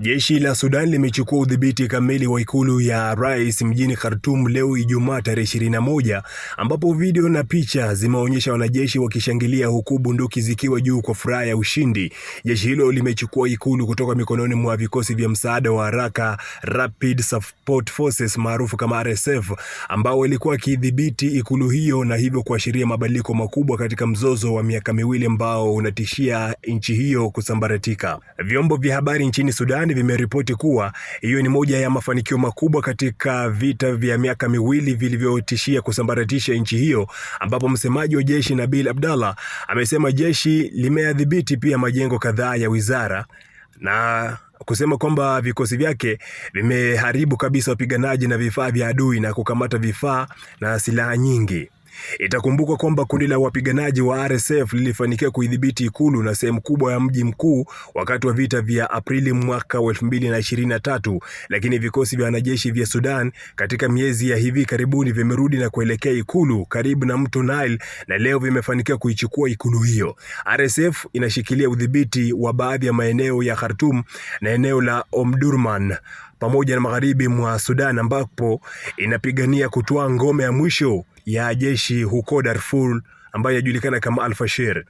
Jeshi la Sudan limechukua udhibiti kamili wa ikulu ya rais mjini Khartoum leo Ijumaa tarehe 21, ambapo video na picha zimeonyesha wanajeshi wakishangilia huku bunduki zikiwa juu kwa furaha ya ushindi. Jeshi hilo limechukua ikulu kutoka mikononi mwa vikosi vya msaada wa haraka Rapid Support Forces maarufu kama RSF, ambao walikuwa wakidhibiti ikulu hiyo na hivyo kuashiria mabadiliko makubwa katika mzozo wa miaka miwili ambao unatishia nchi hiyo kusambaratika. Vyombo vya habari nchini Sudan Marekani vimeripoti kuwa hiyo ni moja ya mafanikio makubwa katika vita vya miaka miwili vilivyotishia kusambaratisha nchi hiyo, ambapo msemaji wa jeshi Nabil Abdallah amesema jeshi limeadhibiti pia majengo kadhaa ya wizara na kusema kwamba vikosi vyake vimeharibu kabisa wapiganaji na vifaa vya adui na kukamata vifaa na silaha nyingi. Itakumbukwa kwamba kundi la wapiganaji wa RSF lilifanikiwa kuidhibiti ikulu na sehemu kubwa ya mji mkuu wakati wa vita vya Aprili mwaka 2023, lakini vikosi vya wanajeshi vya Sudan katika miezi ya hivi karibuni vimerudi na kuelekea ikulu karibu na mto Nile na leo vimefanikiwa kuichukua ikulu hiyo. RSF inashikilia udhibiti wa baadhi ya maeneo ya Khartoum na eneo la Omdurman pamoja na magharibi mwa Sudan ambapo inapigania kutoa ngome ya mwisho ya jeshi huko Darfur ambayo inajulikana kama Alfashir.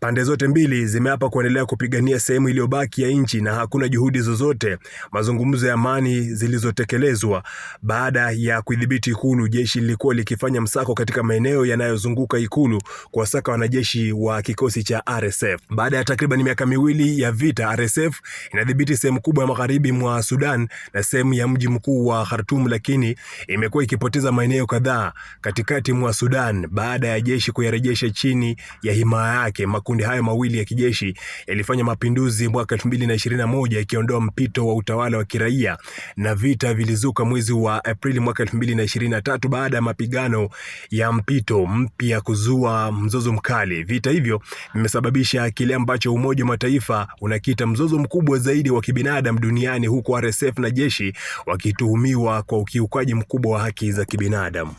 Pande zote mbili zimeapa kuendelea kupigania sehemu iliyobaki ya nchi na hakuna juhudi zozote mazungumzo ya amani zilizotekelezwa. Baada ya kudhibiti ikulu, jeshi lilikuwa likifanya msako katika maeneo yanayozunguka ikulu kuwasaka wanajeshi wa kikosi cha RSF. Baada ya takriban miaka miwili ya vita, RSF inadhibiti sehemu kubwa ya magharibi mwa Sudan na sehemu ya mji mkuu wa Khartoum, lakini imekuwa ikipoteza maeneo kadhaa katikati mwa Sudan baada ya jeshi kuyare kijeshi chini ya himaya yake. Makundi hayo mawili ya kijeshi yalifanya mapinduzi mwaka 2021 ikiondoa mpito wa utawala wa kiraia, na vita vilizuka mwezi wa Aprili mwaka 2023 baada ya mapigano ya mpito mpya kuzua mzozo mkali. Vita hivyo vimesababisha kile ambacho Umoja wa Mataifa unakita mzozo mkubwa zaidi wa kibinadamu duniani, huku RSF na jeshi wakituhumiwa kwa ukiukaji mkubwa wa haki za kibinadamu.